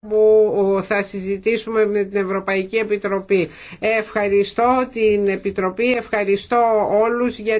που θα συζητήσουμε με την Ευρωπαϊκή Επιτροπή. Ευχαριστώ την Επιτροπή, ευχαριστώ όλους για